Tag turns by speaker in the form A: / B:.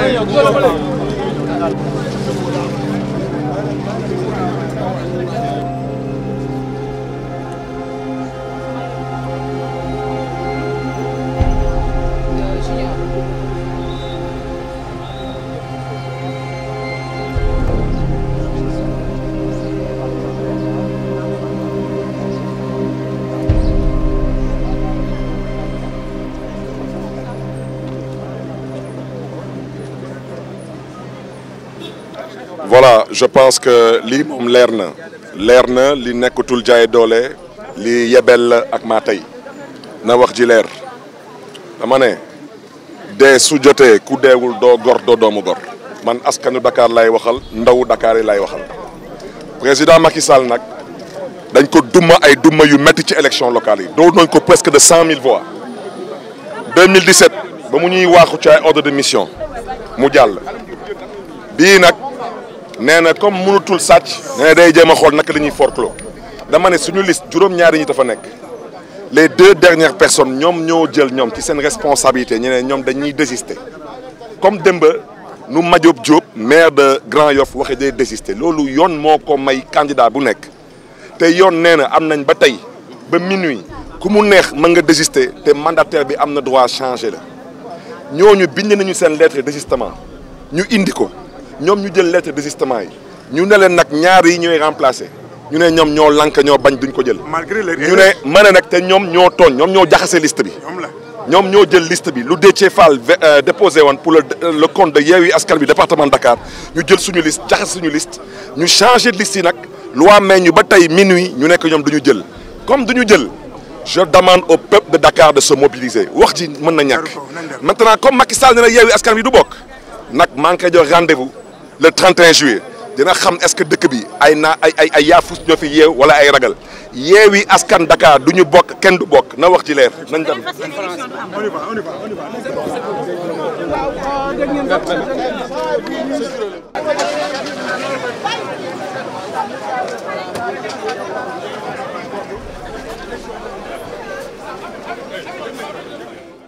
A: Ayo, gue boleh. voilà je pense que lii moom leer na leer na li nekkatul jaay doole li yebel ak maa tey na wax ji leer dama ne dee su jotee ku deewul doo gor doo doomu gor man askanu Dakar lay waxal ndawu Dakar yi lay waxal président Macky Sall nag dañ ko duma ay duma yu metti ci élection locale yi doo nañ ko presque de cent mille voix 2017 ba mu ñuy waaxu ci ay ordre de mission mu jàll bii nee na comme mënutul sàcc. nee day jéem a xool naka dañuy forclos dama ne suñu list juróom-ñaari ñi dafa nekk les deux dernières personnes ñoom ñoo jël ñoom ci seen responsabilité ñu ne ñoom dañuy désister comme démb nu Madiop Diop maire de Grand Yoff waxee day désister loolu yoon moo ko may candidat bu nekk te yoon nee na am nañ ba tey ba minuit ku mu neex mën nga désister te mandataire bi am na droit changer la ñooñu bind nañu seen lettre de désistement ñu indi ko. ñoom ñu jël lettre de désistement yi ñu ne leen nag ñaar yi ñooy remplacer ñu ne ñoom ñoo lanka ñoo bañ duñ ko jël. malgré les ñu ne ma ne nag te ñoom ñoo tooñ ñoom ñoo jaxase liste bi. ñoom la ñoom ñoo jël liste bi lu Déthié Fall euh, déposé woon pour le le compte de Yewwi Askan Wi département Dakar ñu jël suñu liste jaxase suñu liste ñu changé de liste yi nag loi may ñu ba tey minuit ñu nekk ñoom duñu jël comme duñu jël. je demande au peuple de Dakar de se mobiliser wax ji mën na ñàkk maintenant comme Macky Sall ne na Yewwi Askan Wi du bokk nag maa ngi koy jox le 31 juillet dina xam est-ce que dëkk bi ay na ay ay ay yaafus ñoo fi yeew wala ay ragal yeewi askan Dakar du ñu bokk kenn du bokk na wax ci leer nañ dem.